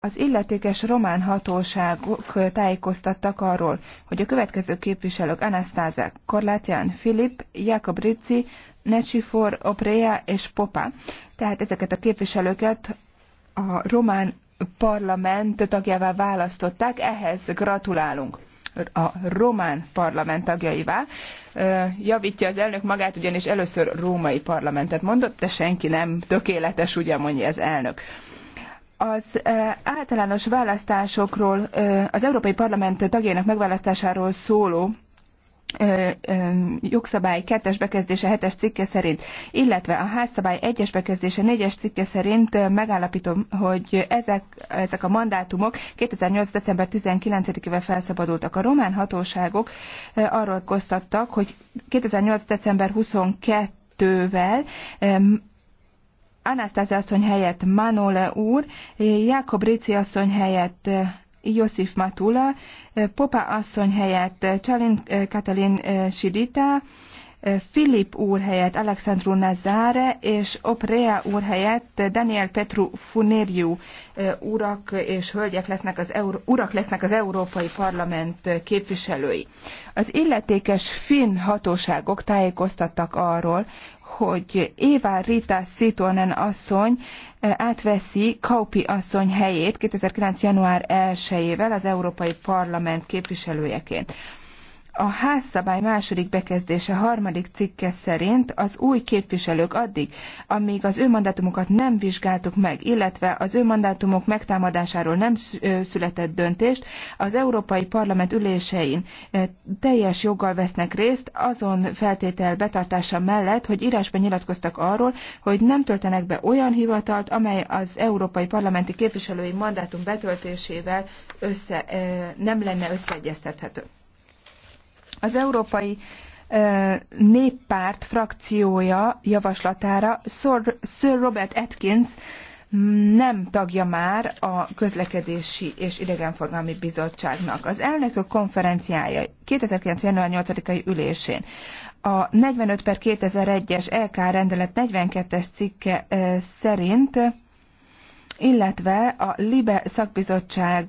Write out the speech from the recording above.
Az illetékes román hatóságok tájékoztattak arról, hogy a következő képviselők Anastázák, Korlátján, Filip, Jakob Ricci, Necsifor, Oprea és Popa. Tehát ezeket a képviselőket a román parlament tagjává választották, ehhez gratulálunk a román parlament tagjaivá. Javítja az elnök magát, ugyanis először római parlamentet mondott, de senki nem tökéletes, ugye mondja az elnök az általános választásokról, az Európai Parlament tagjainak megválasztásáról szóló jogszabály 2-es bekezdése 7-es cikke szerint, illetve a házszabály 1-es bekezdése 4-es cikke szerint megállapítom, hogy ezek, ezek a mandátumok 2008. december 19-ével felszabadultak. A román hatóságok arról koztattak, hogy 2008. december 22 vel Anasztázi asszony helyett Manole úr, Jakob Rici asszony helyett eh, Josif Matula, eh, Popa asszony helyett eh, Csalin Katalin Sidita, Filip úr helyett Alexandru Nazare és Oprea úr helyett Daniel Petru Funeriu urak és hölgyek lesznek az Euró- urak lesznek az Európai Parlament képviselői. Az illetékes finn hatóságok tájékoztattak arról, hogy Éva Rita Szitonen asszony eh, átveszi Kaupi asszony helyét 2009. január 1-ével az Európai Parlament képviselőjeként. A házszabály második bekezdése harmadik cikke szerint az új képviselők addig, amíg az ő mandátumokat nem vizsgáltuk meg, illetve az ő mandátumok megtámadásáról nem született döntést, az Európai Parlament ülésein teljes joggal vesznek részt azon feltétel betartása mellett, hogy írásban nyilatkoztak arról, hogy nem töltenek be olyan hivatalt, amely az Európai Parlamenti képviselői mandátum betöltésével össze, nem lenne összeegyeztethető. Az Európai Néppárt frakciója javaslatára Sir Robert Atkins nem tagja már a közlekedési és idegenforgalmi bizottságnak. Az elnökök konferenciája 2009. január 8-ai ülésén a 45 per 2001-es LK rendelet 42-es cikke szerint, illetve a LIBE szakbizottság